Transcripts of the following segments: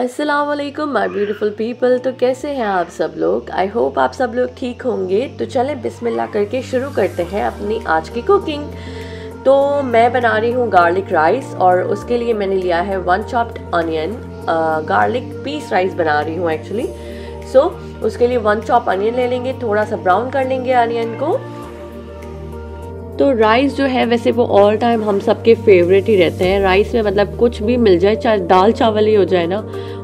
Aslam my beautiful people तो कैसे हैं आप सब लोग आई होप आप सब लोग ठीक होंगे तो चलें बिस्मिल्लाह करके शुरू करते हैं अपनी आज की कुकिंग तो मैं बना रही हूँ गार्लिक राइस और उसके लिए मैंने लिया है one chopped onion garlic peas rice बना रही हूँ एक्चुअली सो उसके लिए वन चॉप अनियन ले लेंगे थोड़ा सा ब्राउन कर लेंगे अनियन को तो राइस जो है वैसे वो ऑल टाइम हम सबके फेवरेट ही रहते हैं राइस में मतलब कुछ भी मिल जाए चाहे दाल चावल ही हो जाए ना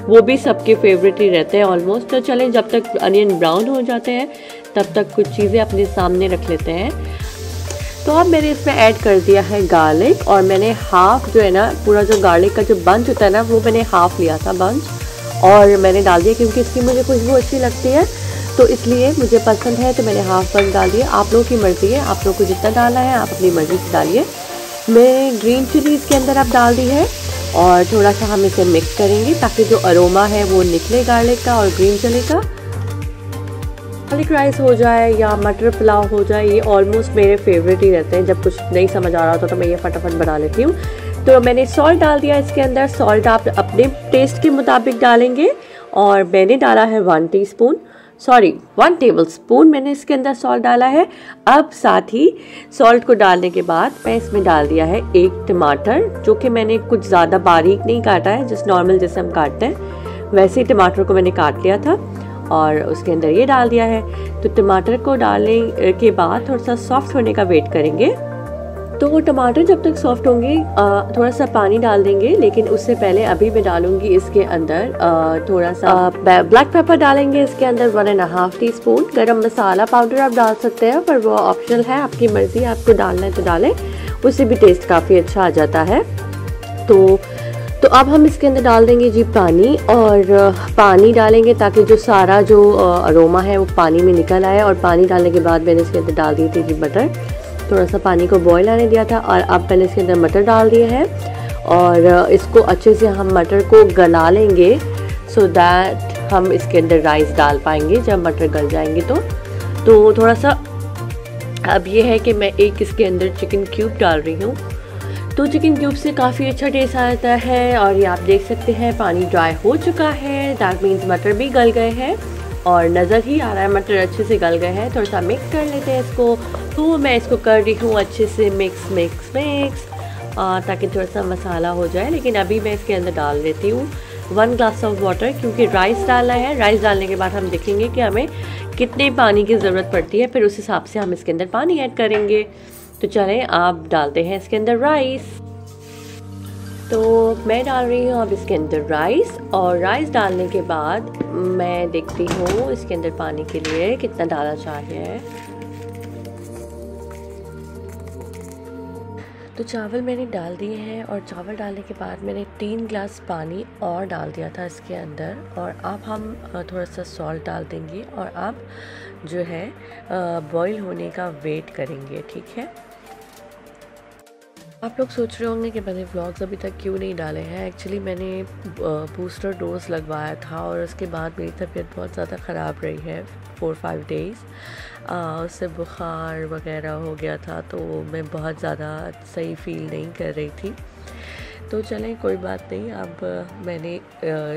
वो भी सबके फेवरेट ही रहते हैं ऑलमोस्ट तो चलें जब तक अनियन ब्राउन हो जाते हैं तब तक कुछ चीज़ें अपने सामने रख लेते हैं तो अब मैंने इसमें ऐड कर दिया है गार्लिक और मैंने हाफ जो है ना पूरा जो गार्लिक का जो बंच होता है ना वो मैंने हाफ लिया था बंच और मैंने डाल दिया क्योंकि इसकी मुझे खुशबू अच्छी लगती है तो इसलिए मुझे पसंद है तो मैंने हाफ बंद डाल दिया आप लोगों की मर्ज़ी है आप लोगों को जितना डालना है आप अपनी मर्ज़ी से डालिए मैं ग्रीन चिली इसके अंदर आप डाल दी है और थोड़ा सा हम इसे मिक्स करेंगे ताकि जो अरोमा है वो निकले गार्लिक का और ग्रीन चिली का गार्लिक राइस हो जाए या मटर पुलाव हो जाए ये ऑलमोस्ट मेरे फेवरेट ही रहते हैं जब कुछ नहीं समझ आ रहा होता तो मैं ये फटाफट बना लेती हूँ तो मैंने सॉल्ट डाल दिया इसके अंदर सॉल्ट आप अपने टेस्ट के मुताबिक डालेंगे और मैंने डाला है one teaspoon sorry one tablespoon मैंने इसके अंदर सॉल्ट डाला है अब साथ ही सॉल्ट को डालने के बाद मैं इसमें डाल दिया है एक टमाटर जो कि मैंने कुछ ज़्यादा बारीक नहीं काटा है जिस नॉर्मल जैसे हम काटते हैं वैसे ही टमाटर को मैंने काट लिया था और उसके अंदर ये डाल दिया है तो टमाटर को डालने के बाद थोड़ा सा सॉफ्ट होने का वेट करेंगे तो वो टमाटर जब तक सॉफ्ट होंगे थोड़ा सा पानी डाल देंगे लेकिन उससे पहले अभी मैं डालूंगी इसके अंदर थोड़ा सा ब्लैक पेपर डालेंगे इसके अंदर one and half teaspoon गर्म मसाला पाउडर आप डाल सकते हैं पर वो ऑप्शनल है आपकी मर्ज़ी आपको डालना है तो डालें उससे भी टेस्ट काफ़ी अच्छा आ जाता है तो तो अब हम इसके अंदर डाल देंगे जी पानी और पानी डालेंगे ताकि जो सारा जो अरोमा है वो पानी में निकल आए और पानी डालने के बाद मैंने इसके अंदर डाल दी थी जी बटर थोड़ा सा पानी को बॉईल आने दिया था और अब पहले इसके अंदर मटर डाल दिया है और इसको अच्छे से हम मटर को गला लेंगे सो so दैट हम इसके अंदर राइस डाल पाएंगे जब मटर गल जाएंगे तो तो थोड़ा सा अब ये है कि मैं एक इसके अंदर चिकन क्यूब डाल रही हूँ तो चिकन क्यूब से काफ़ी अच्छा टेस्ट आता है और ये आप देख सकते हैं पानी ड्राई हो चुका है दैट मीन्स मटर भी गल गए हैं और नज़र ही आ रहा है मटर अच्छे से गल गए हैं थोड़ा सा मिक्स कर लेते हैं इसको तो मैं इसको कर रही हूँ अच्छे से मिक्स मिक्स मिक्स ताकि थोड़ा सा मसाला हो जाए लेकिन अभी मैं इसके अंदर डाल देती हूँ वन ग्लास ऑफ वाटर क्योंकि राइस डालना है राइस डालने के बाद हम देखेंगे कि हमें कितने पानी की ज़रूरत पड़ती है फिर उस हिसाब से हम इसके अंदर पानी ऐड करेंगे तो चलें आप डालते हैं इसके अंदर राइस तो मैं डाल रही हूँ अब इसके अंदर राइस और राइस डालने के बाद मैं देखती हूँ इसके अंदर पानी के लिए कितना डाला चाहिए तो चावल मैंने डाल दिए हैं और चावल डालने के बाद मैंने तीन ग्लास पानी और डाल दिया था इसके अंदर और अब हम थोड़ा सा सॉल्ट डाल देंगे और अब जो है बॉईल होने का वेट करेंगे ठीक है आप लोग सोच रहे होंगे कि मैंने व्लॉग्स अभी तक क्यों नहीं डाले हैं एक्चुअली मैंने बूस्टर डोज लगवाया था और उसके बाद मेरी तबीयत बहुत ज़्यादा ख़राब रही है फोर फाइव डेज़ उससे बुखार वगैरह हो गया था तो मैं बहुत ज़्यादा सही फील नहीं कर रही थी तो चलें कोई बात नहीं अब मैंने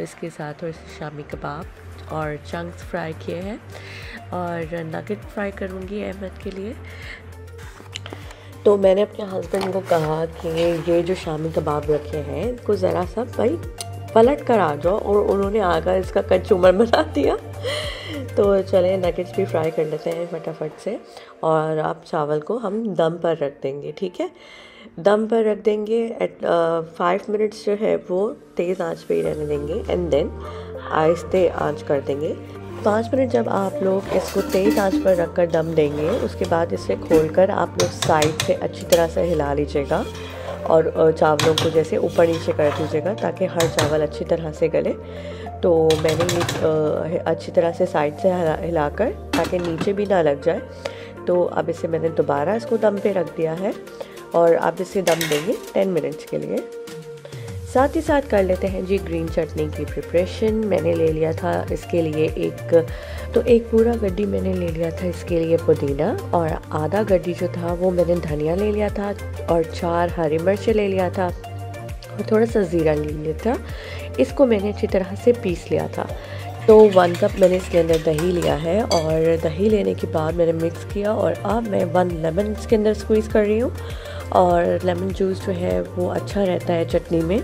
इसके साथ और शामी कबाब और चंक्स फ्राई किए हैं और नगेट फ्राई करूँगी अहमद के लिए तो मैंने अपने हस्बैंड को कहा कि ये जो शामी कबाब रखे हैं इनको ज़रा सा भाई पलट कर आ जाओ और उन्होंने आकर इसका कचूमर बना दिया तो चले नगेट्स भी फ्राई कर लेते हैं फटाफट से और आप चावल को हम दम पर रख देंगे ठीक है दम पर रख देंगे एट फाइव मिनट्स जो है वो तेज़ आंच पे ही रहने देंगे एंड देन आहिस्ते आंच कर देंगे पाँच मिनट जब आप लोग इसको तेज़ आंच पर रखकर दम देंगे उसके बाद इसे खोलकर आप लोग साइड से अच्छी तरह से हिला लीजिएगा और चावलों को जैसे ऊपर नीचे कर दीजिएगा ताकि हर चावल अच्छी तरह से गले तो मैंने ये अच्छी तरह से साइड से हिला हिलाकर ताकि नीचे भी ना लग जाए तो अब इसे मैंने दोबारा इसको दम पे रख दिया है और आप इसे दम देंगे टेन मिनट्स के लिए साथ ही साथ कर लेते हैं जी ग्रीन चटनी की प्रिपरेशन मैंने ले लिया था इसके लिए एक तो एक पूरा गड्डी मैंने ले लिया था इसके लिए पुदीना और आधा गड्डी जो था वो मैंने धनिया ले लिया था और चार हरी मिर्च ले लिया था और थोड़ा सा ज़ीरा ले लिया था इसको मैंने अच्छी तरह से पीस लिया था तो वन कप मैंने इसके अंदर दही लिया है और दही लेने के बाद मैंने मिक्स किया और अब मैं वन लेमन इसके अंदर स्क्वीज़ कर रही हूँ और लेमन जूस जो है वो अच्छा रहता है चटनी में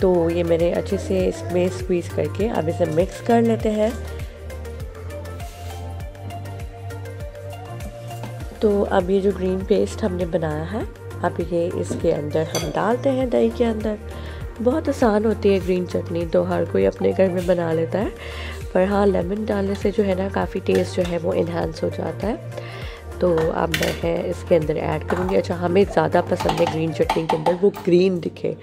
तो ये मैंने अच्छे से इसमें स्क्वीज़ करके अब इसे मिक्स कर लेते हैं तो अब ये जो ग्रीन पेस्ट हमने बनाया है अब ये इसके अंदर हम डालते हैं दही के अंदर बहुत आसान होती है ग्रीन चटनी तो हर कोई अपने घर में बना लेता है पर हाँ लेमन डालने से जो है ना काफ़ी टेस्ट जो है वो इन्हांस हो जाता है तो अब मैं है इसके अंदर ऐड करूँगी अच्छा हमें ज़्यादा पसंद है ग्रीन चटनी के अंदर वो ग्रीन दिखे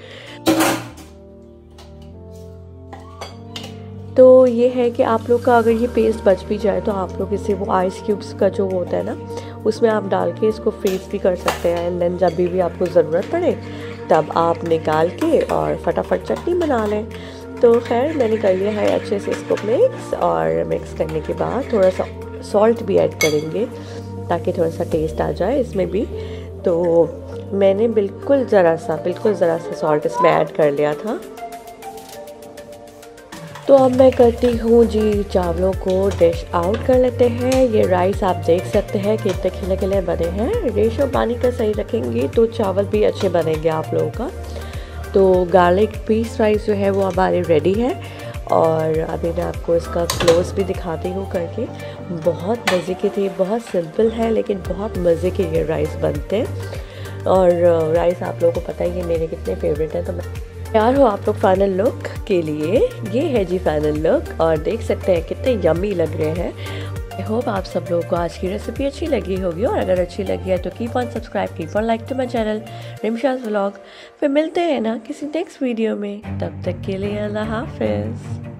तो ये है कि आप लोग का अगर ये पेस्ट बच भी जाए तो आप लोग इसे वो आइस क्यूब्स का जो होता है ना उसमें आप डाल के इसको फ्रीज भी कर सकते हैं एंड देन जब भी, भी आपको ज़रूरत पड़े तब आप निकाल के और फटाफट चटनी बना लें तो खैर मैंने कर लिया है अच्छे से इसको मिक्स और मिक्स करने के बाद थोड़ा सा सॉल्ट भी ऐड करेंगे ताकि थोड़ा सा टेस्ट आ जाए इसमें भी तो मैंने बिल्कुल ज़रा सा बिल्कुल ज़रा सा सॉल्ट इसमें ऐड कर लिया था तो अब मैं करती हूँ जी चावलों को डिश आउट कर लेते हैं ये राइस आप देख सकते हैं कि इतने खिले खिले बने हैं रेशो पानी का सही रखेंगे तो चावल भी अच्छे बनेंगे आप लोगों का तो गार्लिक पीस राइस जो है वो हमारे रेडी है और अभी मैं आपको इसका क्लोज भी दिखाती हूँ करके बहुत मज़े के थे बहुत सिंपल है लेकिन बहुत मज़े के ये राइस बनते हैं और राइस uh, आप लोगों को पता ही है मेरे कितने फेवरेट हैं तो मैं तैयार हो आप लोग फाइनल लुक के लिए ये है जी फाइनल लुक और देख सकते हैं कितने यमी लग रहे हैं आई होप आप सब लोगों को आज की रेसिपी अच्छी लगी होगी और अगर अच्छी लगी है तो keep on subscribe keep on like to my channel Rimsha's vlog फिर मिलते हैं ना किसी नेक्स्ट वीडियो में तब तक के लिए अल्लाह हाफिज़